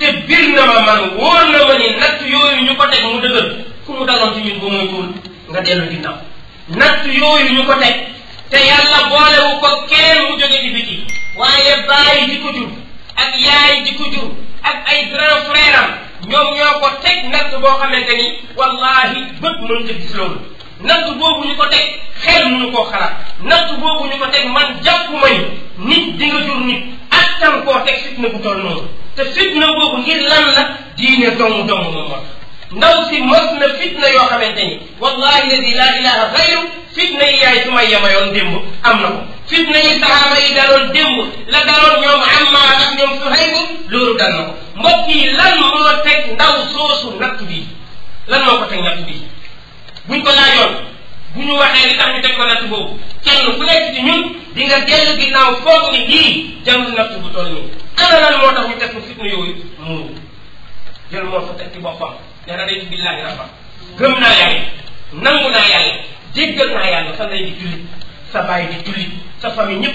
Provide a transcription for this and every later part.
te bir na ma man wóor na ma ni natt yooyu ñu ko teg mu dëgër ku mu daloon ci ñun ba muy tuul nga dellu ginnaaw natt yooyu ñu ko teg te yàlla boolewu ko keneen mu jóge ci biti waaye bàyyi di ko jur ak yaay di ko ak ay grand frère ñoom ñoo ko teg natt boo xamante ni wallahi bët mën ta gis loolu natt boobu ñu ko teg xel mënu ko xalaat natt boobu ñu ko teg man jàpp may nit di nga jur nit attan koo teg fitna bu toll noonu te fitna boobu ngir lan la diine dong dong moom moo tax ndaw si mos na fitna yoo xamante ni wallahi ladi laa ilaha gayru fitna yi yaay su ma yemayoon démb am na ko fitna yi sahaaba yi daloon démb la daloon ñoom Ammaar ak ñoom Suhayb loolu dal na ko mbokk yi lan moo teg ndaw soosu natt bii lan moo ko teg natt bii buñ ko laajoon bu ñu waxee li tax teg ko natt boobu kenn ku nekk ci ñun di nga dellu ginnaaw foog ni kii jàng natt bu ana lan moo tax ñu teg ko fitna yooyu muuru jël moo fa teg ci boppam ne raditu billaahi rabba gëm naa yàlla nangu naa yàlla jéggal naa yàlla sa lay di jullit sa bàyyi di jullit sa famille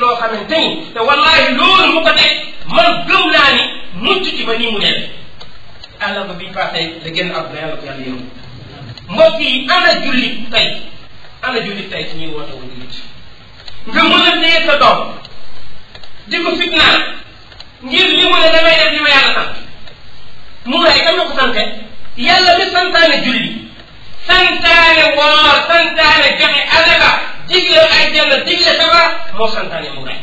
loo xamante te wallaahi loolu mu ko teg man gëm naa ni mucc ci ba nii mu def àllarba bi passé la génn àdduna yàlla ko yàlla yërëm mbokk yi ana jullit tey ana jullit tey suñuy woote woon jullit nga mën a téye sa doom di ko fitnaal ngir li mu ne damay def li ma yàlla sant mu ngay kam sante yàlla mi santaane julli santaane woor santaane joxe alaka digle ay jënn digle safara moo santaane mu ngay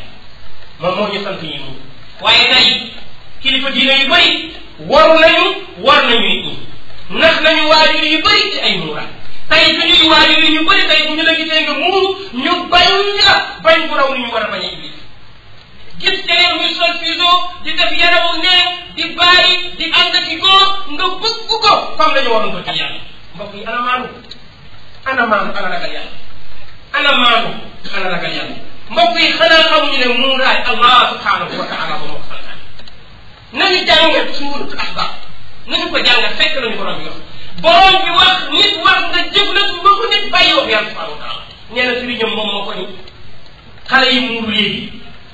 moom moo ñu sant yi mu waaye tey kilifa diine yu bëri waru nañu war nañu nit ñi ndax nañu waajur yu bëri ci ay muuraay tey suñuy waajur yi ñu bëri tey bu ñu la gisee nga muuru ñu bañ la bañ bu raw ni ñu war a bañ a iblis gis keneen muy sol fiso di def yaramu nee di bàyyi di ànd ak góor nga bëgg ko comme dañu waroon bëgg yàlla mbokk yi ana maanu ana maanu ana ragal yàlla ana maanu ana ragal yàlla mbokk yi xanaa xamuñu ne muuraay allah subhanahu wa taala ba moo ko santaane nañu jàngat suurat ahzab nañu ko jàngat fekk nañu borom bi wax borom bi wax nit war na jëflat ba ko nit bàyyi wax yàlla subhanahu wa taala nee na sëriñam moom moo ko ni xale yi muur léegi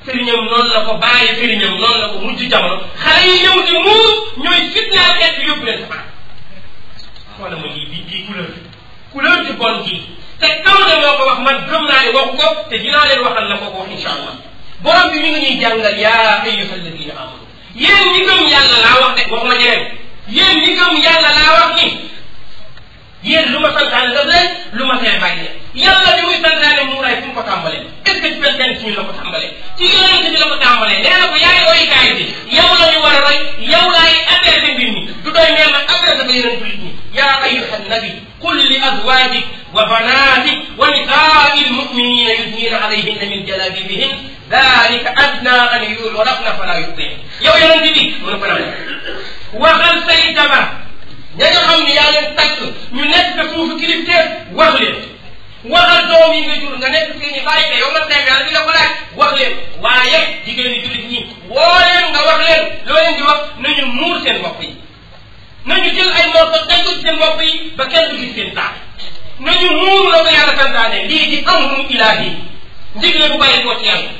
sëriñam noonu la ko bàyyi sëriñam noonu la ko mujj jamono xale yi ñëw di muur ñooy fitnaal xeet yóbbu leen safara xoola ma lii bii bii couleur couleur ci bon gii te kaw na moo ko wax man naa ne waxu ko te dinaa leen waxal la ko ko wax incha allah borom bi ñu ngi ñuy jàngal yaa ayyuha alladina amanu yéen ñi gëm yàlla laa wax de waxuma ñeneen yéen ñi gëm yàlla laa wax ni lu ma santaane def leen lu ma tere bàyyi leen yalla ni muy tan naale muuraay fu mu ko tàmbalee est ce que ci benn benn suñu la ko tàmbalee ci yonent bi la ko tàmbalee nee na ko yaay roy kaay bi yow la ñu war a roy yow laay adressé mbir ñi du doy nee na adressé ba yonent bi ñi yaa ayuha nabi qul li azwajik wa banatik wa nisaai lmuminina yudnina alayhinna min jalabibihin dalika adna an yurafna fala yuqin yow yonent bi mu ne ko naan waxal say jabar ña nga xam ne yaa leen takk ñu nekk sa suufu kilifteef wax leen waxal doom yi nga jur nga nekk si ni bàyyi te yow nga teg yàlla dina ko laaj wax leen waaye jigéen ñi jullit ñi woo leen nga wax leen loo leen di wax ñu muur seen bopp yi nañu jël ay morso teg ko seen bopp yi ba kenn du gis seen di nañu muur la ko yàlla santaane lii a amru ilaahi ndigle bu bàyyi koo ci yàlla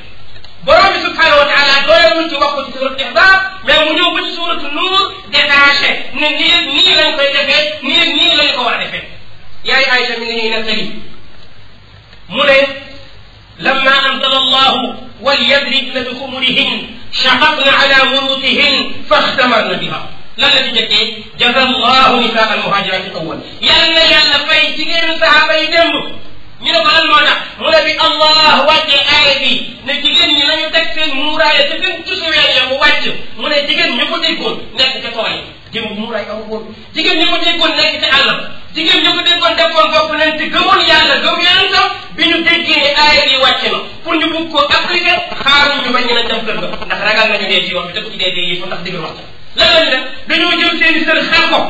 borom bi subhanahu wa taala ci wax ko ci suuratu ihzab mais mu ñëw ba ci suuratu nuur détaché ne nii nii lañ koy defee nii nii lañ ko war a defee yaay Aysa mi ngi ñuy nettali waxtamarna biha lan la ci njëkkee jazallahu nisaa al muhajirati awwal yàlla yàlla fay jigéenu saxaaba yi démb ñu ne ko lan moo ne bi allah wàcce aaya bi ne jigéen ñi nañu teg seen muuraay te gën ci su weer bu wàcc mu ne jigéen ñu ko déggoon nekk ca tool yi jëm mu muuraay amu ko jigéen ñi ko déggoon nekk ci àllam jigéen ñi ko déggoon defoon bopp leen te gëmoon yàlla gëm yàlla sax bi ñu déggee aaya bi wàcc na pour ñu bugg koo appliqué xaaruñ ñu bañ ñu dem kër ga ndax ragal nañu dee ci yoon bi te ku ci dee dee yëpp ndax dëgg wax la lan lañ def dañoo jël seen i sër xar ko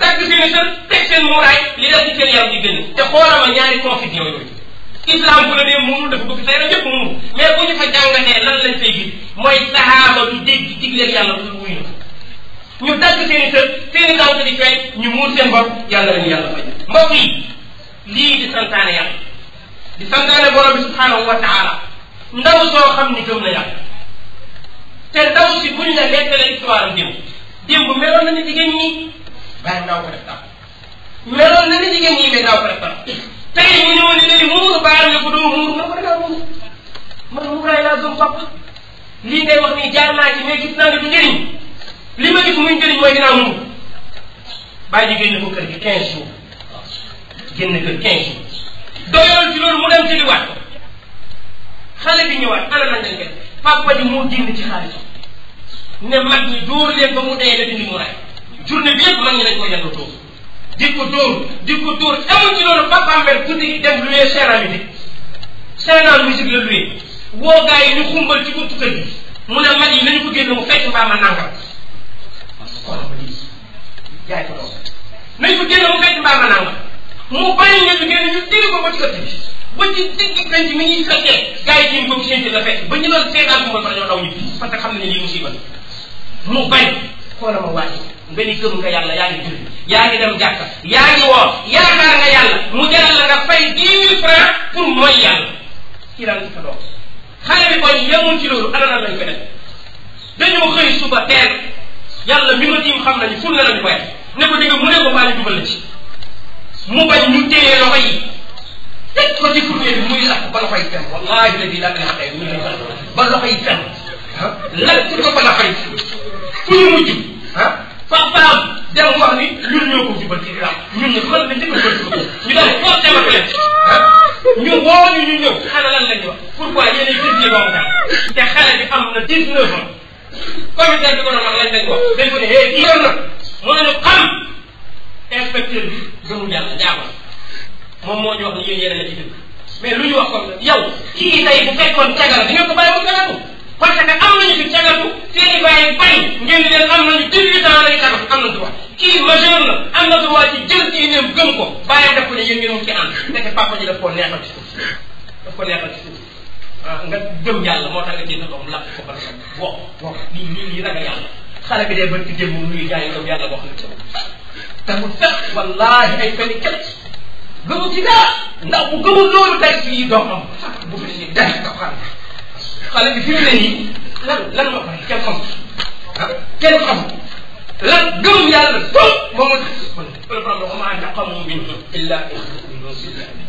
dagg seen i sër teg seen muuraay li des ci seen yaram di génn te xoolal ma ñaari confusion yooyu islam bu la dee muurul dafa bëgg say ra yëpp muur mais bu ñu fa jàngatee lan lañ fay gis mooy sahaaba du dégg digleel yàlla lu wuyu na ñu dagg seen i sët seen i dànk di feeñ ñu muur seen bopp yàlla leen yàlla faj mbokk yi lii di santaane yàlla di santaane borom bi subhanahu wa taala ndaw soo xam ni gëm na yàlla te ndaw si buñ la nettalee histoire démb démb meloon na ni jigéen ñi bàyyi ndaw na ni jigéen ñi mais ndaw ko def dàq tey ñu ni léegi muur bàyyi na ko doo muur na ko dangaa muur man muur lii ngay wax nii jaar naa ci mais gis naa ne du njëriñ li ma gis muy njëriñ mooy dinaa muur bàyyi ji génn ko kër gi 15 jours génn kër 15 jours doyoon ci loolu mu dem jëliwaat ko xale bi ñëwaat ana lañ lañ def papa ji moo génn ci ne mag ñi dóor leen ba mu dee la dindi mu raay journée bi yëpp mag ñi lañ ko yàlla dóor di ko dóor di ko dóor amul ci loolu papaam mel guddi gi dem loué Sénégal musique Sénégal musique la loué woo gars yi ñu xumbal ci buntu kër gi mu ne mag yi nañu ko génn mu fekk ma nangam. jaay ko doom nañ ko génne mu fekk mbaama nangam mu bàyyi nga ñu ñu diri ko ba ci ëtt bi ba ci digg penc mi ñuy fekkee ko fekk ba ñu doon seetaan bu ma sax ñoo daw ñu parce que xam mu ma wàññi ngi julli yaa ngi dem jàkka yaa ngi woor yaakaar nga yàlla mu jaral la nga fay dix mille francs bi kon yemul ci loolu ana nan lañ ko def dañoo xëy suba teel yàlla mi ma tiim xam nañu ful na lañu koy ne ko dëgg mu ne ko baale dugal na ci mu bañ ñu téye loxo yi teg ko ci kuré bi muy lakk ba loxo yi tem wallaahi la bii lakk na xëy mu ba loxo yi tem lakk ko ba loxo yi fu ñu mujj ah papaam dem wax ni ñun ñoo ko jubal ci ram ñun ñu mën na dëgg ko ñu daal foo dem ak leen ñu woo ñu ñu ñëw xana lan lañu wax pourquoi yéen ay dix te xale bi am na dix neuf ans commissaire bi ko doon wax lañ lañ ko dañ ko ne hee eh kii yoon na mooy ne xam inspecteur bi gëmul yàlla jaaxal moom moo ñu wax ne yéen yéen a mais lu ñu wax comme yow kii tey bu fekkoon cagal di nga ko bàyyi mu cagatu parce que am nañu fi cagatu seen i bàyyi bay ngeen di leen am nañu dix-huit ans lañu cagatu am na droit kii majeur la am na droit ci jël kii neem gëm ko bàyyi def ko ne yéen ngeen moom ci ànd nekk papa ji daf koo neexal ci suuf daf ko neexal ci suuf ah, nga gëm yàlla moo tax nga jënd doom lakk ko ba la ko wax wax lii lii lii ragal yàlla xale bi dee ba ci démb mu ngi jaay gëm yàlla wax na ci te mu fekk wallaahi ay fenn kecc gëmu ci dara ndax bu gëmul loolu day ci doomam bu fi si day ko xam xale bi fi mu ne nii lan lan moo koy kenn xam kenn xam lan gëm yàlla doo moom la ko bëri. wala ma naqamu minhum illa an yu'minu billahi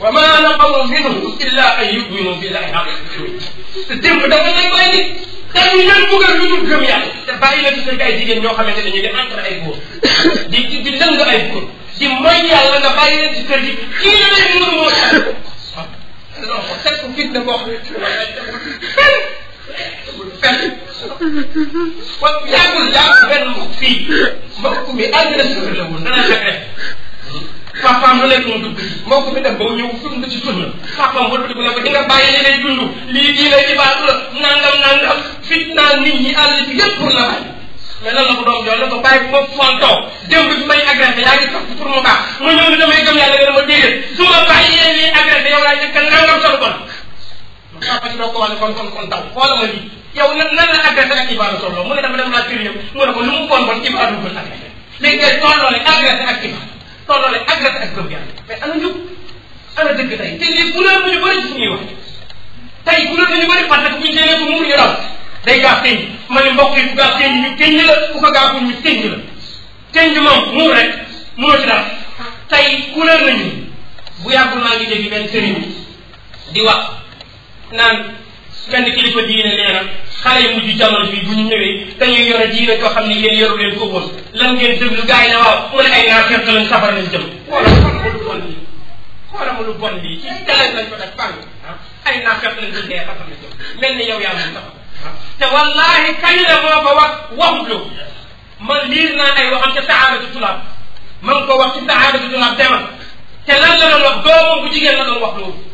wa ma naqamu minhum illa an yuminu billahi te démb da nga koy nit dañu leen dugal lu dul gëm yàlla te bàyyi leen ci sëñ ay jigéen ñoo xamante ne ñu ngi entre ay góor di di di lëng di mooy yàlla nga bàyyi leen ci kër gi kii la lay mën moo tax non ko teg ko fit na boo xam ne kon yàggul yaa benn na la woon dana papaam lu nekk mu dugg moo ko fi def ba mu ñëw dund ci sunna papaam ba dugg ne ko di nga bàyyi li lay dund lii lii lay ibaatu la nangam nangam fitnaa nit ñi àll bi yëpp pour la bàyyi mais lan la ko doom jox la ko bàyyi bu ma fontoo démb bi may agressé yaa ngi sax pour ma baax ma ñëw ni damay gëm yàlla nga dama déedéet su ma bàyyee lii agressé yow laa njëkk a nangam solo bon papa ci doo ko wane kon kon kon taw xoola ma lii yow nan nan la agressé ak ibaadu solo mu ne dama dem laa kër yëpp mu ne ko lu mu bon bon ibaadu ko agressé léegi kay tolloo ne agressé ak ibaadu tollale agressé ak gëm yàlla mais ana njub ana dëgg tey te lii bu leer ñu bëri ci suñuy wax tey bu leer ñu bëri parce que buñ jëlee bu muur ñu daw day gaaf ma ne mbokk yi ku gaaf teñ ñu teñ la ku ko gaaful ñu teñ la teñ moom rek mënoo ci dara tey ku leer nañu bu yàggul maa ngi dégg benn sëriñ di wa naan benn kilifa diine nee na xale yu mujj jamono bi bu ñu ñëwee dañuy yore diine koo xam ne yéen yoru leen ko woon lan ngeen déglu gars yi ne waaw mu ne ay naa fekk lañ safara lañ jëm xoolal ma lu bon lii xoolal ma lu bon lii ci dalee lañ ko def fang ay naa fekk lañ jëm dee safara lañ jëm mel ni yow yaa moom safara te wallaahi kañ la moo ko wax waxutloo man liir naa ay waxam ca saxaabatu tulaab man ko wax ci saxaabatu tulaab demal te lan la doon wax doomam bu jigéen la doon wax loolu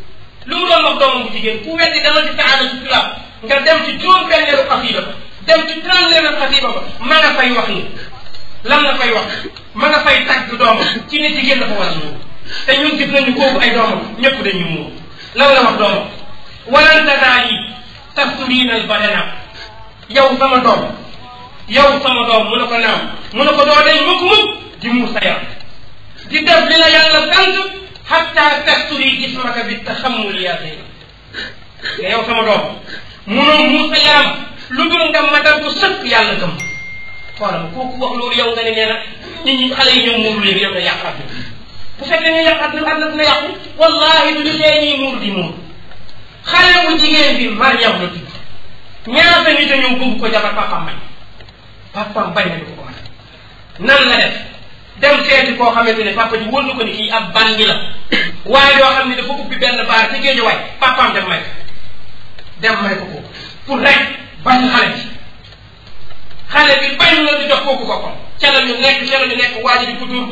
lu mu doon wax doomam bu jigéen ku weddi dama ci saada ci turam nga dem ci juróom benneelu a ba dem ci trente-neuvième xasiida ba ma nga fay wax ni lan la fay wax ma nga fay tàgg doomam ci ne jigéen dafa war a muur te ñun gis nañu kooku ay doomam ñëpp dañuy muur lan la wax doomam walan tanaayi tasturiinal badana yow sama doom yow sama doom mu ne ko naam mu ne ko doo dañ mukk mukk di muur sa yaram di def li la yàlla sant xatta tasturi jismaka bi taxammul yaa Zeynab ne yow sama doom munoo muus sa yaram lu dul nga matal ko sëkk yàlla gëm xoolal ma kooku wax loolu yow nga ne nee na nit ñi xale yi ñoom muurul yëpp yow nga yàq àdduna bu fekkee nga yàq àdduna àdduna dina yàqu wallaahi du ñu lee ñuy di muur xale bu jigéen bi Mariam la tudd ñaata nit a ñëw bëgg ko jabar papaam bañ papaam bañ nañu ko ko nan la def dem seeti koo xamante ne papa ji wóor na ko ni kii ab bandi la waaye yoo xam ne dafa ubbi benn baar ci géej waay papaam dem may dem may ko ko pour rek bañ bi xale la jox kooku boppam ca la ñu nekk ca la ñu nekk waaji di ko bi ëmb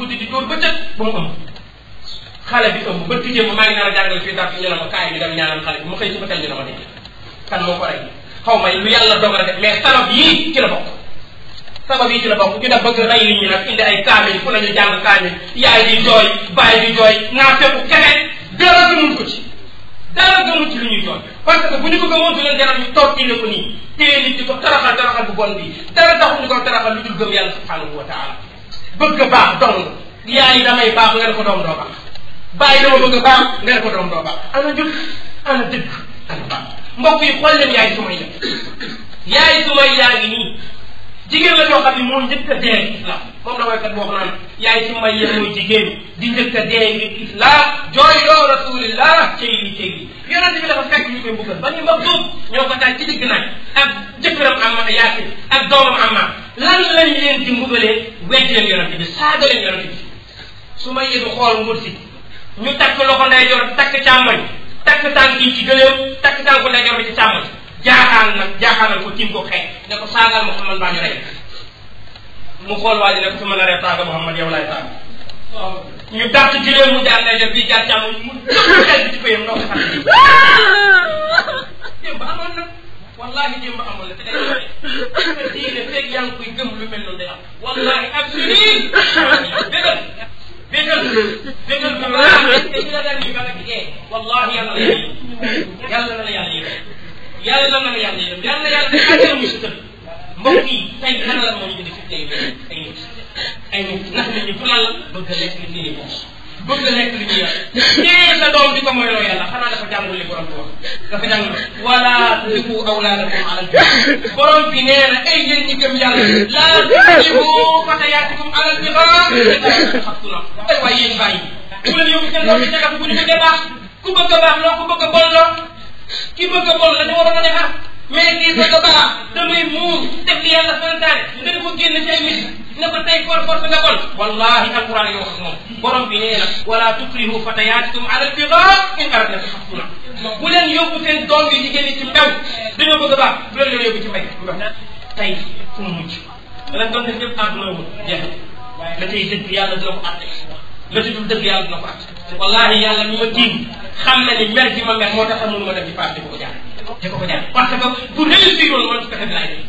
ba tijjee ma maa ngi nar a jàngal fii daal fi ñu ne kaay ñu dem ñaanal xale bi ma xëy ci ba tey ñu ne ma dégg kan moo ko rey xaw ma lu yàlla dogal a def mais yii ci la bokk sabab yi ci la bokk ñu def bëgg rey nit ñi nag indi ay kaamil fu nañu jàng kaamil yaay di jooy baay di jooy naa fekku keneen dara gëmul ko ci dara gëmul ci lu ñuy jooy parce que bu ñu ko gëmoon du leen jaral ñu toog ne ko nii téye nit di ko taraxal taraxal bu bon bi dara taxul ñu ko taraxal lu dul gëm yàlla subhanahu wa taala bëgg baax dong yaay damay baax nga ne ko doom doo baax bàyyi dama bëgg baax nga ne ko doom doo baax ana jub ana dëgg ana baax mbokk yi xool leen yaay sumay la yaay sumay yaa ngi nii jigéen la ñoo xam ne moo njëkk a dee islam comme la waykat boo naan yaay ci may yéen mooy jigéen di njëkk a dee ngir jooy loo rasulillah cey li cey li yonent bi dafa fekk ñu koy mbugal ba ñu mag duub ñoo ko taal ci digg naaj ak jëkkëram amma yaasin ak doomam amma lan lañ leen di mbugalee wecc leen yonent bi saaga leen yonent bi su ma yédu xool ngur si ñu takk loxo ndeyjoor takk càmmoñ takk tànk yi ci gëléem takk tànku ndeyjoor bi ci càmmoñ jaaxal nag jaaxalal ko tiim ko xeex ne ko saagal muhammad baa ñu rey mu xool waa ne ko su ma naree taaga muhammad yow lay taaga ñu dàq ci leen mu jaar lay def bii jaar mu xel ci péyam noo ko xam démb na wallahi démb amoon na te day diine feeg yaa koy gëm lu mel noonu day am wallahi ak su nii dëggal dëggal dëggal bi la daan ñu ci wallahi yàlla la la yàlla yàlla doon na ma yàlla yërëm yàlla yàlla dafa àggal mu si kër mbokk yi tey lan la moo ñu indi fii tey ay nit ay nit ndax nit ñi pour lan la bëgg a lekk li ñuy lekk bëgg a lekk li ñuy yor teel sa doom di ko moyloo yàlla xanaa dafa jàngul li borom bi wax dafa jàngul wala tudiku awlaadakum ala borom bi nee na ay yéen ñi gëm yàlla laa tudiku fatayaatikum ala al-bighaa ay waay yéen bàyyi bu leen yóbbu seen doom bi bu ñu bëggee baax ku bëgg a baax loo ku bëgg a bon loo ki bëgg a bon la ñu waroon a defar mais kii bëgg a baax damay muur def li yàlla santaane nga di ko génn ci ay wis ne ko tey for force nga bon wallahi alquran yoo wax moom borom bi nee na wala tukrihu fatayaatikum ala al-bigaa in aradna tafakkura bu leen yóbbu seen doom yi jigéen ñi ci mbew dañoo bëgg a baax bu leen yóbbu ci mbay tey fu mu mujj lan doon def yëpp àdduna wu jeex la cay dëgg yàlla dina ko àtte la ci dul dëgg yàlla dina ko at wallahi yàlla mi ma tiim na moo tax mënu ma def di paas di ko ko jaar di ko ko jaar parce que bu réussir woon man ci kese bi laay def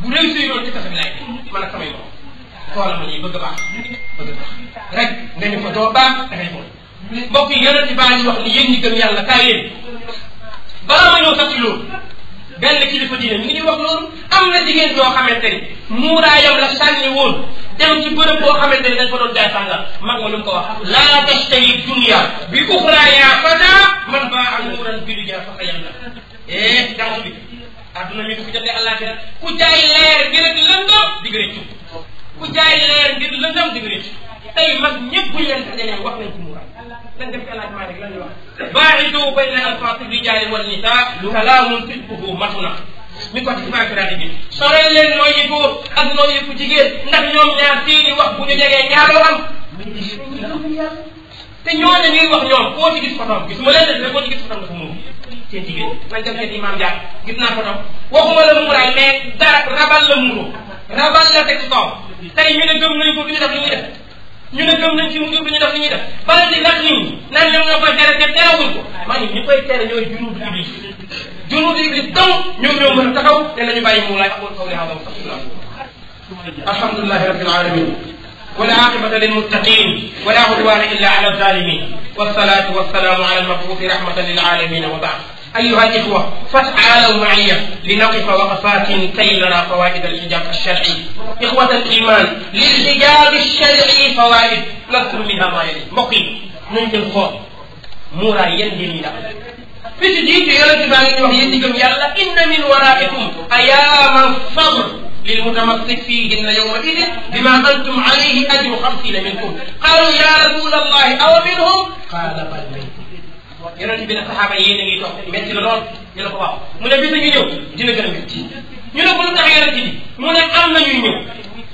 bu réussir woon ci kese bi laay def man ak samay borom xoola ma ñuy bëgg baax bëgg baax rek nga ko doo baax da ngay bon mbokk yi yonent baa ngi wax ni yéen ñi gëm yàlla kaay leen balaa ma ñëw sax ci loolu benn kilifa diine ñu ngi ñuy wax loolu am na jigéen joo xamante ni muuraayam la sànni woon dem ci bërëb boo xamante ne dañ ko doon jaay sàngara mag ma lu mu ko wax laa tashtahi dunya bi uxraa a man baa am nuuran bi dunya fa xayran a eh jàng bi adduna mi du fi jotee àllaaxira ku jaay leer ngir lëndëm di réccu ku jaay leer ngir lëndëm di réccu tey mag ñëpp leen dajalee wax nañ ci muuraay lan def ci alaaj maa rek lan ñu wax baaxidu bayna al-fatih rijaali wan nisaa kalaamun sidquhu mi ko ci Ibrahima bi soree leen nooy yi góor ak nooy yi ku jigéen ndax ñoom ñaar seeni wax bu ñu jegee ñaaroo am te ñooñu ñuy wax ñoom koo ci gis fotoom gis ma leen def mais koo ci gis fotoom dafa moom seen jigéen man dem seen imaam jaar gis naa fotoom waxuma la muuraay mais dara rabal la muuro rabal la teg ci kaw tey ñu ne gëm nañ ko du ñu def li ñuy def ñu ne gëm nañ ci mu du ñu def li ñuy def bala di nag nit ñi naan ñoom ñoo koy tere te terewuñ ko ma ni ñi koy جنود yi di daw ñoom ñoo إلا a مولاي أقول la ñu bàyyi الحمد لله رب العالمين hada wastaghfirullah والعاقبة للمتقين ولا عدوان إلا على الظالمين والصلاة والسلام على المبعوث رحمة للعالمين وبعد أيها الإخوة فتعالوا معي لنقف وقفات كي نرى فوائد الحجاب الشرعي إخوة الإيمان للحجاب الشرعي فوائد نذكر منها ما يلي مقيم ننجل الخوف مورا يندي فتجي يرتب عن وحيتكم يلا إن من ورائكم أياما صبر للمتمسك فيهن يومئذ بما أنتم عليه أجر خمسين منكم قالوا يا رسول الله أو منهم قال بل منكم yonent bi ne saxaaba yi yéen a ngi toog metti la lool ñu ne ko waaw mu ne bis ngi ñëw dina gën a metti ñu ne ko lu tax yonent bi mu ne am na ñuy ñëw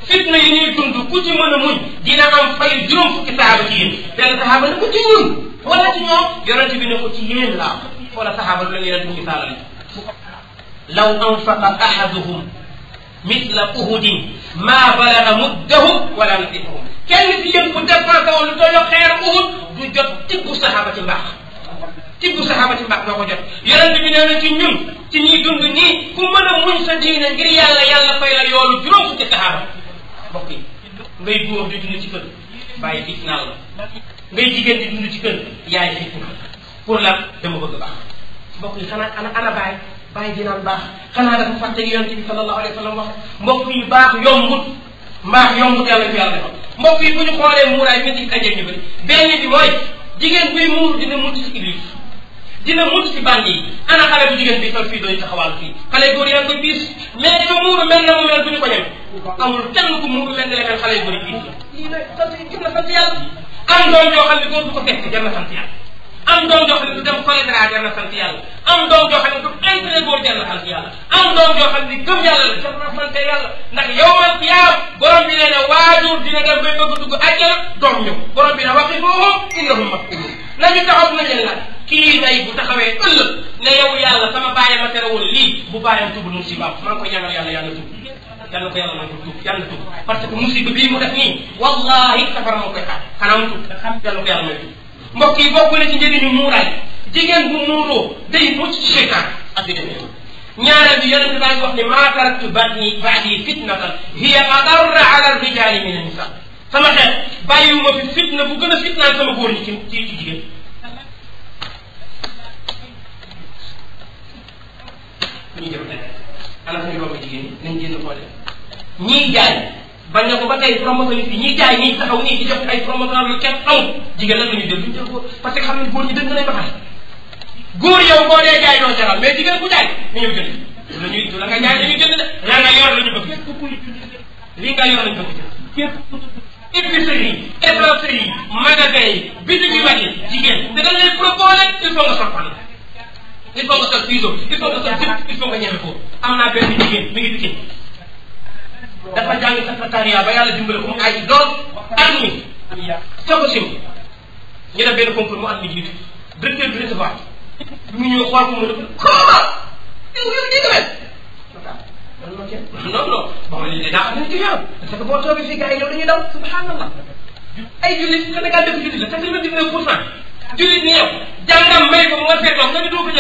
fitna yi ñuy dund ku ci mën a muñ dina am fay juróom fukki saxaaba ci yéen benn saxaaba ne ko ci ñun wala ci ñoom yonent bi ne ko ci yéen laa فولا صحابه لن يردوا مثالا لو انفق احدهم مثل احد ما بلغ مده ولا نصيبه كان في يوم كنت فرقه ولتو خير احد دو جوت تيكو صحابه تمباخ تيكو صحابه تمباخ نوكو جوت يرن بي نانا تي نيم تي ني دوند ني كو مانا مون سا دين غير يالا يالا فايلا يولو جوم تي صحابه بوكي ngay goor di dund ci kër bàyyi fitnaal la ngay jigéen di pour la dama bëgg baax mbokk yi xanaa ana ana bàyyi bàyyi dinaan baax xanaa dafa fàtte yonent bi sallallahu alayhi wa sallam wax mbokk yi baax yombut mbaax yombut yàlla ñu yàlla defal mbokk yi bu ñu xoolee muuraay bi di ajee ñu bëri benn bi mooy jigéen buy muur dina mucc ci église dina mucc ci bànd yi ana xale bu jigéen bi sol fii doy taxawal fii xale góor yaa ngi koy piis mais dafa muuru mel mu mel bu ñu ko ñeme ku muuru mel ne mel xale góor la lii nag kenn sant yàlla am doom yoo xam ne góor bu ko fekk jar na am doom joo xam ne du dem choléra jar na sant yàlla am doom joo xam ne du entré góor jar na sant ki am doom joo xam ne gëm yàlla la jar na sant yàlla ndax yow man yaa borom bi nee na waajur dina dem bay bëgg dugg àjjana doom ñëw borom bi ne waqifuhum innahum mas'uluun nañu taxaw bu taxawee ëllëg ne yow yàlla sama bàyyi ma tere woon lii bu bàyyam tubul musibaam maa ngi koy ñaanal yàlla yàlla tub yàlla ko yàlla man ko tuub yàlla tuub parce que musiba bii mu def nii wallahi safara moo koy ko yàlla may tuub mbokk yi bokk na ci njëriñu muuraay jigéen bu muuroo day mucc ci seytaan ak yu demee ñaareel bi yonent baa ngi wax ne maa taraktu ba'dii ba'dii fitnatan hiya adarra ala rijaali mina nisaa sama xeet bàyyiwuma fi fitna bu gën a fitnaan sama góor ñi ci ci ci jigéen ñu jëm dara ala fi ñu romb jigéen ñi nañ génn xoole ñiy jaay bañ na ko ba tey promoteur yi ñuy jaay ñiy taxaw nii di jox ay promoteur yu kenn amul jigéen lan la ñuy jël duñ jël góor parce que xam ne góor ñi dëgg lay baxal góor yow boo dee jaay doo jaral mais jigéen bu jaay ñu ñëw jënd la ñuy la nga jaay la ñuy jënd de la nga yor la ñu bëgg li nga yor la ñu bëgg épicerie yi épicerie yi magasin yi bitig yu mag yi jigéen te dañ lay proposé il faut nga soppal il faut nga sol piso il faut nga sol jëpp il faut dafa jàng secrétariat ba yàlla dimbale ko mu ay lool at mi ca ko sim ñu def benn concours mu at mi jiitu directeur bi recevoir bi mu ñëw xool ko mu ne ko non non bon lii daa xam ne ci yoon parce que boo toogee fii gars yi yow dañuy daw subhanallah ay jullit Sénégal def jullit la te 99 pour cent jullit ni yow jàngam ko mu nga fee toog nga ñu doo ko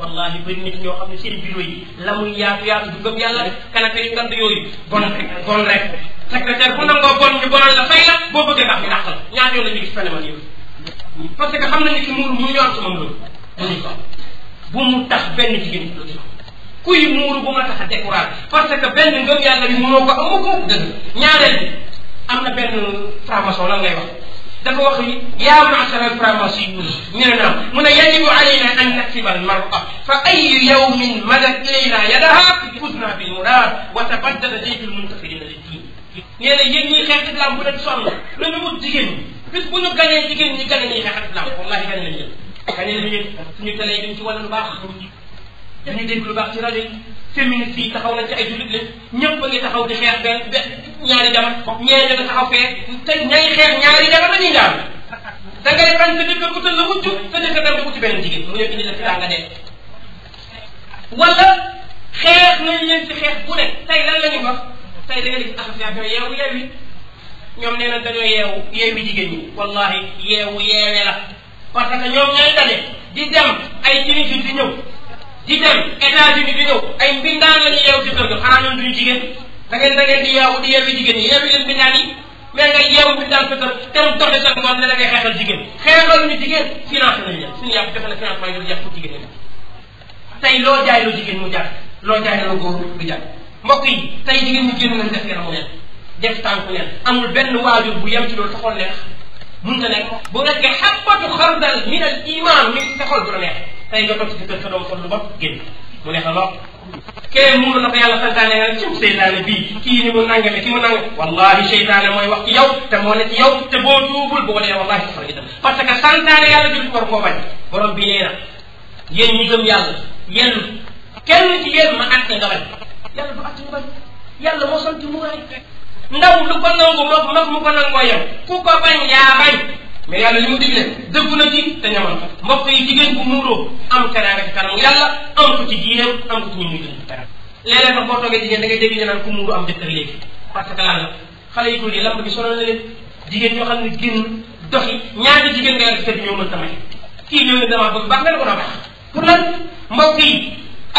wallahi bëri nit ñoo xam ne seen bureau yi la muy yaatu yaatu du gëm yàlla canapé yu ngand yooyu bon rek bon rek secrétaire bu nangoo bon ñu bonal la fay la boo bëggee baax ñu dàq la ñaar yoon la ñu gis phénomène yooyu parce que xam na ki muur mu ñor sama loolu bu mu tax benn jigéen la ci kuy muuru bu ma tax a découragé parce que benn ngëm yàlla bi mënoo ko am mukk mukk dëgg ñaareel bi am na benn franc-maçon lan ngay wax دفو يا معشر الفرماسيون ننا من يجب علينا ان نكتب المرأة فأي يوم مدت إلينا يدها فزنا بالمراد وتبدد جيش المنتصرين للدين. ننا يجني خير قبل أن بلد صنع لنموت جيجن بس بنو كان يجيجن يجيجن يجيجن والله كان يجيجن كان يجيجن سميت لا يجيجن تولى الباخر يعني دين كل باخر féministes yi taxaw nañ ci ay jullit lañ ñëpp a ngi taxaw di xeex benn ñaari jabar ñee nga taxaw fee te ñay xeex ñaari jabar la ñuy daal da ngay jigéen mu ñëw indi la daa nga dee wala xeex nañ leen ci xeex bu ne tey lan la ñu wax tey da nga gis association yeewu yeewi ñoom nee na dañoo yeewu yeewi jigéen ñi wallahi yeewu yeewe la parce que ñoom ñooy daje di dem ay jigéen di ñëw di dem états-unis di ñëw ay mbindaan la ñuy yeew ci kër ga xanaa ñoom duñu jigéen da ngeen da ngeen di yeewu di yeewi jigéen ñi yeewi leen mbindaan yi mais nga yeewu mbindaan fetal dem doxe sa ngoon ne da ngay xeexal jigéen xeexal ñu jigéen financé nañu leen suñu yàpp defe na financement ngir yàpp jigéen ñi tey loo jaay loo jigéen mu jàpp loo jaay loo góor du jàpp mbokk yi tey jigéen ñu génn ngeen def yaramu neen def tànku neen amul benn waajur bu yem ci loolu taxoon neex mënta nekk bu nekkee xabbatu xardal min al iman mi sa xol bu la neexee tey nga toog ci sa kër sa lu bopp génn mu neex a lool keneen muur na ko yàlla santaane nga ne ci seytaane bii kii ni mu nangame ki mu nangame wallahi seytaane mooy wax ci yow te moo ne ci yow te boo tuubul wallahi safara gi dem parce que santaane yàlla jullit war koo bañ borom bi nee na yéen ñi gëm yàlla yéen kenn ci yéen ma àtte nga bañ yàlla du àtte ñu bañ yàlla moo sant mu waay ndaw lu ko nangu moom mag mu ko nangoo yow ku ko bañ yaa bañ mais yàlla li mu digle dëggu na ci te ñamal ko mbokk yi jigéen bu muuroo am karaare ci kanam yàlla am ko am ko ci ñun ñu gën a léeg-léeg sax boo toogee jigéen da ngay dégg ñu naan ku muuru am jëkkër léegi parce que lan la xale yi góor la lamb bi sonal na leen jigéen ñoo xam ne génn doxi ñaari jigéen nga yor kër ñoo mën tamay kii ñoo ne damaa bëgg baax nga ne ko na baax pour lan mbokk yi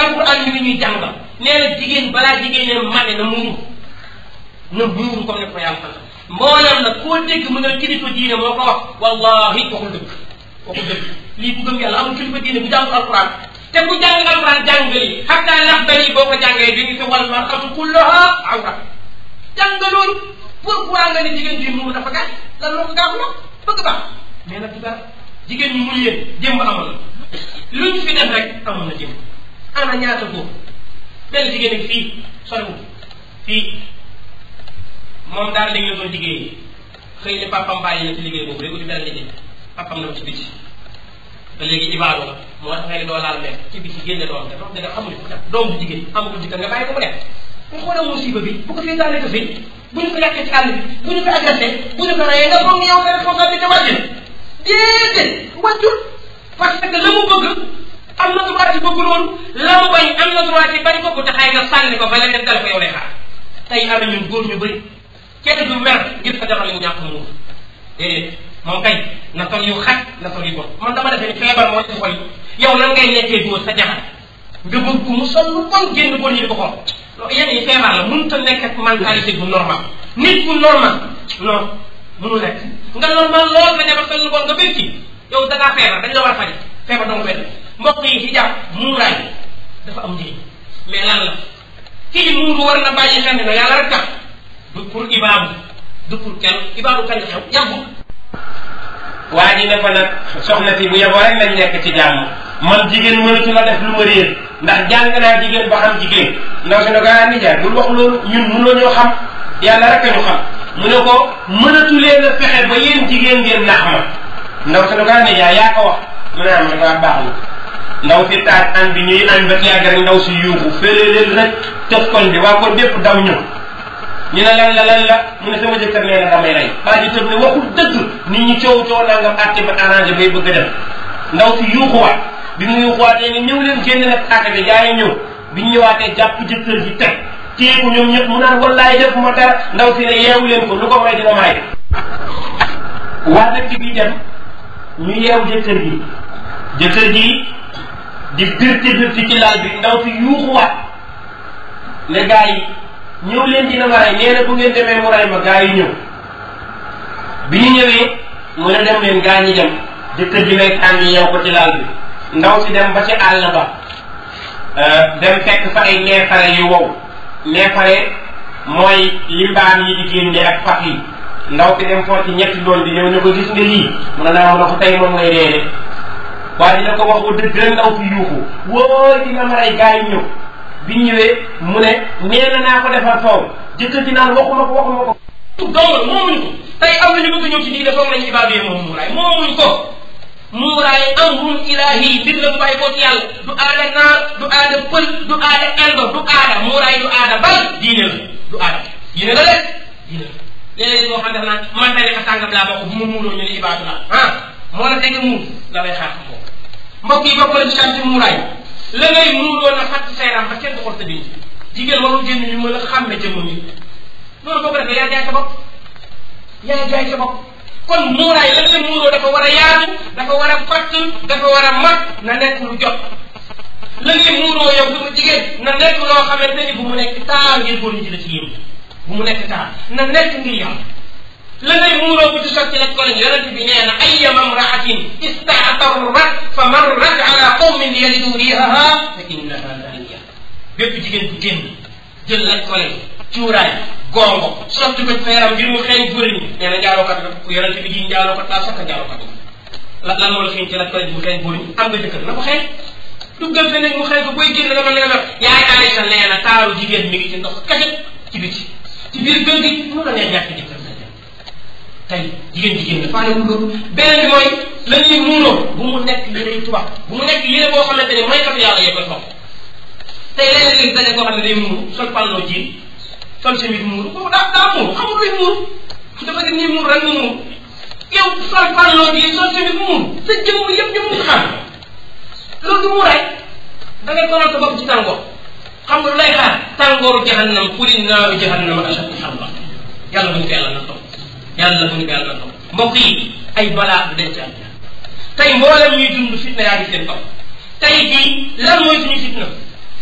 alquran mi ngi ñuy jàngal nee na jigéen balaa jigéen ne mane na muuru na muuru comme ne ko yàlla mboolem nag koo dégg mu ne kilifa diine moo ko wax wallahi waxul dëgg waxul dëgg lii bu gëm yàlla amul kilifa diine bu jàng alquran te ku jàng alquran jàng lii xataa lax bari boo ko jàngee di nga fi wal mar'atu kulluha awra jàng loolu pourquoi nga ne jigéen ji mu dafa gàtt la ko gaaw la bëgg baax mais nag du dara jigéen ñi mu yéen jëmm amoon na luñ fi def rek amoon na jëmm ana ñaata góor benn jigéen ñi fii soriwul fii moom daal léegi la doon liggéey xëy na papam bàyyi na ci liggéey boobu rek uti benn liggéey papam na ko ci biti ba léegi ibaadu la moo tax nga ne doo laal mel ci biti génne doom te dox dina xamul doom bu jigéen amul jikka nga bàyyi ko mu nekk nga xoolal musiba bi bu ko fee daanee ko fi bu ñu ko yàqee ci àll bi bu ñu ko agressé bu ñu ko rayee nga foog ni yow nga responsabilité wàccul déedéet wàccul parce que la mu bëgg am na droit ci bëgg loolu la mu bañ am na droit ci bañ ko ko taxaay nga sànni ko fa leneen dal ko yow lay xaar tey am na ñun góor ñu bëri kenn du mer ngir sa jabar yu ñàkk muur déedéet moom kay na sol yu xat na sol yu bon man dama defee ni feebar mooy xol yow nan ngay nekkee góor sa jabar nga bëgg mu sol lu bon génn bon ñi di ko xool loolu yenn yi feebar la mënut a nekk ak mentalité bu normal nit bu normal non mënul nekk nga normal lool sa jabar sol lu bon nga bëgg ci yow da ngaa feebar dañ la war a faj feebar dong benn mbokk yi ci jàpp muuraay dafa am njëriñ mais lan la kii muuru war na bàyyi xel ne yàlla rek tax du pour ibaabu du pour kenn ibaabu kañ xew yàggul ne ko soxna si bu yeboo rek lañ nekk ci jàmm man jigéen mënatu la def lu ma réer ndax jàng jigéen ba jigéen ndaw si ne ko ah nijaay bul wax loolu ñun mënuloo ñoo xam a ñu xam mu a fexe ba yéen jigéen ngeen ma ndaw si ne ko ah nijaay yaa ko wax mu ne ma ne ko ah baax na ndaw si taat an yuuxu fële leen rek kon bi waa ko bépp daw ñëw ñu ne lan la lan la mu ne sama jëkkër nee na damay rey baa ji tëb ne waxul dëgg nit ñi coow coow nangam àtte ba arrangé bëgg dem ndaw si yuuxuwaat bi mu yuuxuwaatee ne ñëw leen génn nag àtte bi gaa yi ñëw bi ñu ñëwaatee jàpp jëkkër ji teg téye ko ndaw si ne yeewu leen ko lu ko may dina dem ñu yeew jëkkër ji jëkkër ji di birti birti ci laal bi ndaw si yuuxuwaat ne gaa yi ñëw leen dina ma rey nee na bu ngeen demee mu rey ma gaa yu ñëw bi ñu ñëwee mu ne dem leen gaa ñi dem jëkkër ji nekk ànd yow ko ci laal bi ndaw si dem ba ci àll ba euh, dem fekk fa ay neefare yu wow neefare mooy li mbaam yi di génne ak fas yi ndaw si dem foo ci ñetti doon bi ñëw ne ko gis nga lii mu ne naa mu ne ko tey moom ngay reere waaye dina ko wax ko dëgg ndaw si yuuxu wóor dina ma rey gaa yi ñëw bi ñëwee mu ne nee na naa ko defar foofu jëkkër ji naan waxuma ko waxuma ko. donc moomuñ ko tey am na ñu bëgg ñëw ci diine foog nañu ibaadu yi moom muuraay moomuñ ko muuraay amrun ilaahi mbir la bu bàyyi ko ci yàlla du aada naar du aada pël du aada eldo du aada muuraay du aada bal diine la du aada diine la rek diine la léeg-léeg boo xam ne naan man tey dafa sàngam laa bokk bu ma muuroo ñu ne ibaadu la ah moo la tege muur la lay xaar mbokk yi bokk nañu ci am ci muuraay la ngay mënu doon a fàtt say ram ba kenn du xool jigéen warul génn ñu mën a xàmme jëmm nit loolu boo ko defee yaa jaay sa yaa jaay sa kon muuraay la muuroo dafa war a yaatu dafa war a fatt dafa war a mag na nekk lu jot la ngay muuroo yow du jigéen na nekk loo xamante ni bu mu nekk taar ngir góor ñi ci ci yéem bu mu nekk taar na nekk ngir yàlla la ngay muuroo bu ci sotti rek ko lañ yonent bi nee na ayyama mraatin istaatarrat fa marrat ala qawmin yalidu riihaha fa innaha lariya bépp jigéen bu génn jël lañ ko lañ cuuraay gongo sotti ko feeram ngir mu xeeñ góor ñi nee na njaalookat la yonent bi di njaalookat laa sokka njaalookat la lan moo la xiin ci lañ ko lañ mu xeeñ góor ñi am nga jëkkër na ko xeeñ duggal fe nag mu xëy ne na taaru jigéen mi ngi ci ndox kese ci biti ci biir gën gi mu la neex ñàkk tey jigéen jigéen dafa leen góor beneen bi mooy la ñuy muunoo bu mu nekk yére tubaab bu mu nekk yére boo xamante ne mooy katu yàlla yee koy xool tey léeg-léeg léegi daje koo xam ne day muuru sol pàlloo jiin sol chemise muuru kooku daa daa muuru xamul luy muuru dafa mu sol pàlloo jiin sol chemise muuru sa jëmm yëpp ñu muur xam loolu du muuraay da ngay tolal sa bopp ci tàngoor xam nga lu lay xaar tàngooru jahannam quli naaru jahannam ashaddu harra yàlla buñu ko yàlla na yàlla mën nga yàlla noonu mbokk yi ay balaa bu denc àddina tey mboolem ñuy dund fitna yaa ngi seen kaw tey jii lan mooy suñu fitna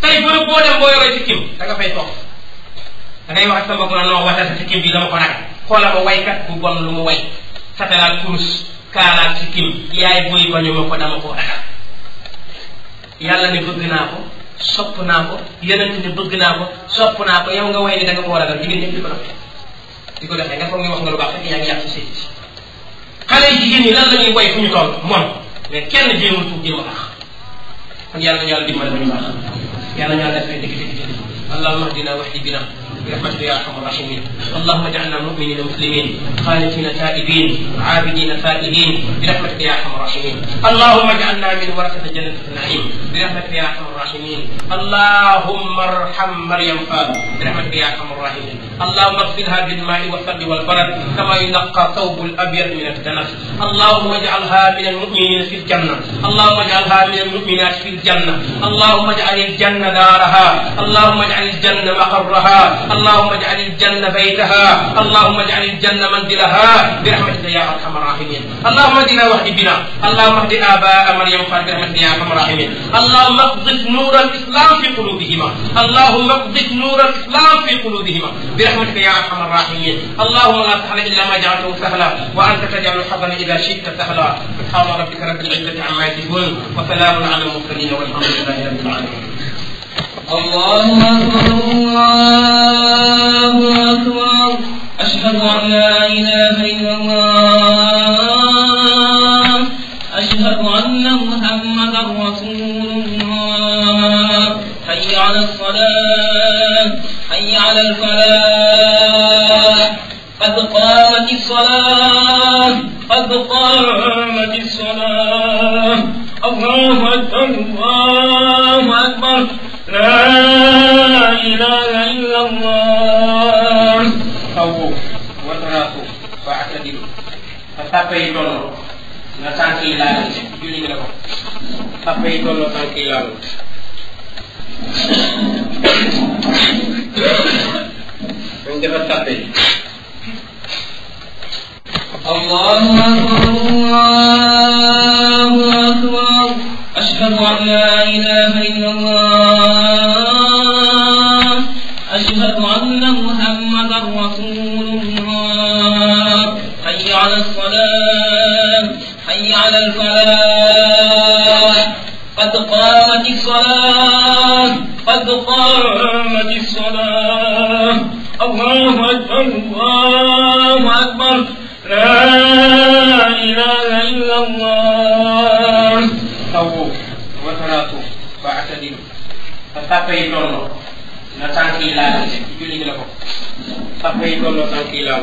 tey bërëb boo dem boo yoree sikkim da fay toog da ngay wax ak sa mbokk na noo waxee sa sikkim dama ko nag xoola ma waykat bu bon lu mu way satalaat kurus kaalaat sikkim yaay booy bañu ko dama koo ragal yàlla ne bëgg naa ko sopp naa ko yonent ne bëgg naa ko sopp naa ko yow nga way ne da koo ragal di ko di ko defee nag comme li wax nga lu baax rek yaa ngi yàq ci sëy xale yi jigéen ñi lan la ñuy way fu ñu toll mon mais kenn jéemul tuub jéem a baax kon yàlla ñu yàlla dimbale ba ñu baax yàlla ñu yàlla def ay dëgg dëgg dëgg اللهم اهدنا واهد بنا برحمتك يا ارحم الراحمين اللهم اجعلنا مؤمنين مسلمين خالصين تائبين عابدين فائزين برحمتك يا ارحم الراحمين اللهم اجعلنا من ورثة جنة النعيم برحمتك يا ارحم الراحمين اللهم ارحم مريم فاض برحمتك يا ارحم الراحمين اللهم اغسلها بالماء والصلب والبرد كما ينقى ثوب الابيض من الدنس اللهم اجعلها من المؤمنين في الجنه اللهم اجعلها من المؤمنات في الجنه اللهم اجعل الجنه دارها اللهم اجعل الجنه مقرها اللهم اجعل الجنه بيتها اللهم اجعل الجنه منزلها برحمتك يا ارحم الراحمين اللهم اهدنا واهد بنا اللهم اهد اباء مريم برحمتك يا ارحم الراحمين اللهم اقضي نور الاسلام في قلوبهما اللهم اقضي نور الاسلام في قلوبهما برحمتك يا ارحم الراحمين اللهم لا تحرم الا ما جعلته سهلا وانت تجعل الحزن اذا شئت سهلا سبحان ربك رب العزه عما يصفون وسلام على المرسلين والحمد لله رب العالمين الله أكبر الله أكبر أشهد أن لا إله إلا الله أشهد أن محمدا رسول الله حي على الصلاة حي على الفلاح قد قامت الصلاة قد قامت الصلاة الله أكبر الله أكبر لا إله إلا الله أبو وتناقو فاعتدلوا فتقي دونه نتاكي لا يجيني لكم تقي دونه تنكي عندما التقبيل الله أكبر الله أكبر أشهد أن لا إله إلا الله قامت الصلاة قد قامت الصلاة الله أكبر الله أكبر لا إله إلا الله طووا وثلاثوا فاعتدلوا فصفي دونو نتانكي لا يجولي لكم صفي دونو تانكي لا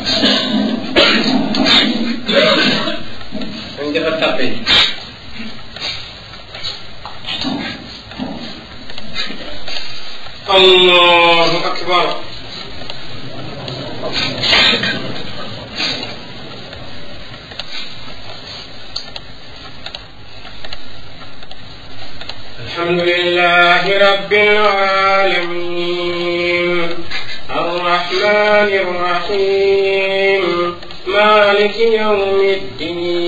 Thank you. mu defal tàppe yi الحمد لله رب العالمين الرحمن الرحيم مالك يوم الدين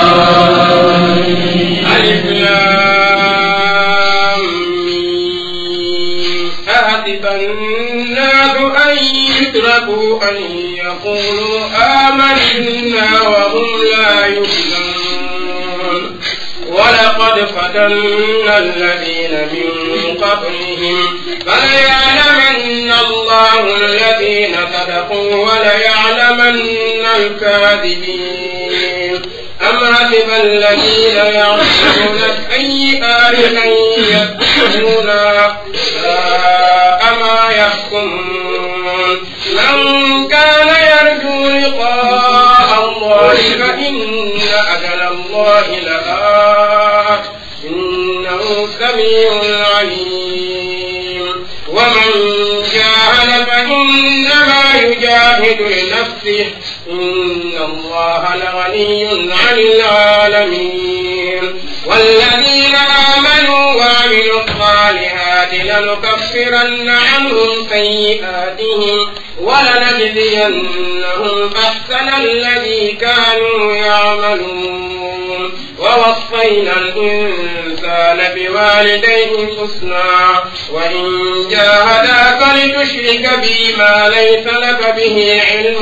أشركوا أن يقولوا آمنا وهم لا يحزنون ولقد فتنا الذين من قبلهم فليعلمن الله الذين صدقوا وليعلمن الكاذبين أم حسب الذين يعملون السيئات أن يكفرون ساء ما يحكمون من كان يرجو لقاء الله فإن أجل الله لآت إنه سميع عليم ومن جاهد فإنما يجاهد لنفسه إن الله لغني عن العالمين والذين آمنوا وعملوا الصالحات لنكفرن عنهم سيئاتهم ولنجزينهم أحسن الذي كانوا يعملون لكم ووصينا الإنسان بوالديه حسنا وإن جاهداك لتشرك بي ما ليس لك به علم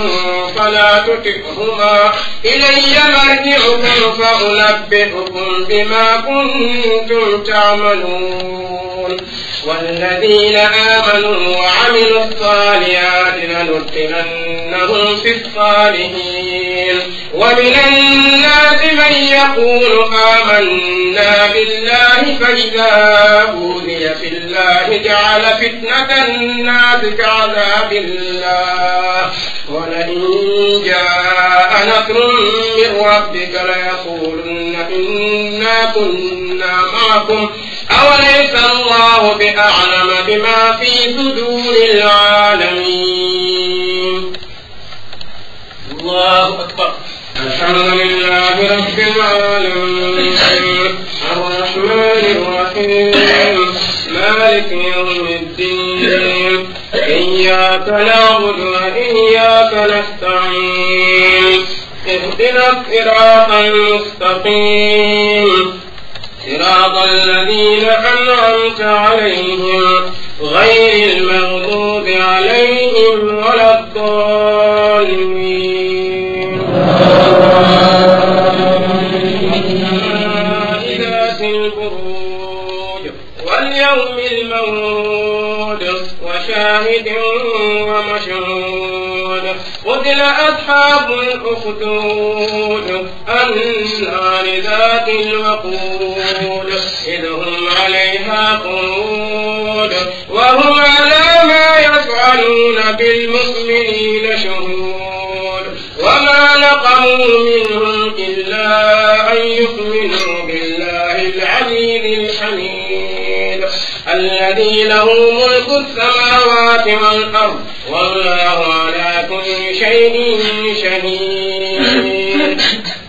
فلا تطعهما إلي مرجعكم فأنبئكم بما كنتم تعملون يعلمون والذين آمنوا وعملوا الصالحات لندخلنهم في الصالحين ومن الناس من يقول آمنا بالله فإذا أوذي في الله جعل فتنة الناس كعذاب الله ولئن جاء نصر من ربك ليقولن إنا كنا معكم أوليس الله بأعلم بما في صدور العالمين الله أكبر الحمد لله رب العالمين الرحمن الرحيم مالك يوم الدين إياك نعبد وإياك نستعين اهدنا الصراط المستقيم صراط الذين أنعمت عليهم غير المغضوب عليهم ولا الضالين واليوم الموعود وشاهد ومشهود قتل أصحاب الأخدود النار ذات الوقود إذ هم عليها قعود وهم على ما يفعلون بالمؤمنين شهود وما نقموا منهم إلا أن يؤمنوا بالله العليم الحميد الذي له ملك السماوات والأرض والله على كل شيء شهيد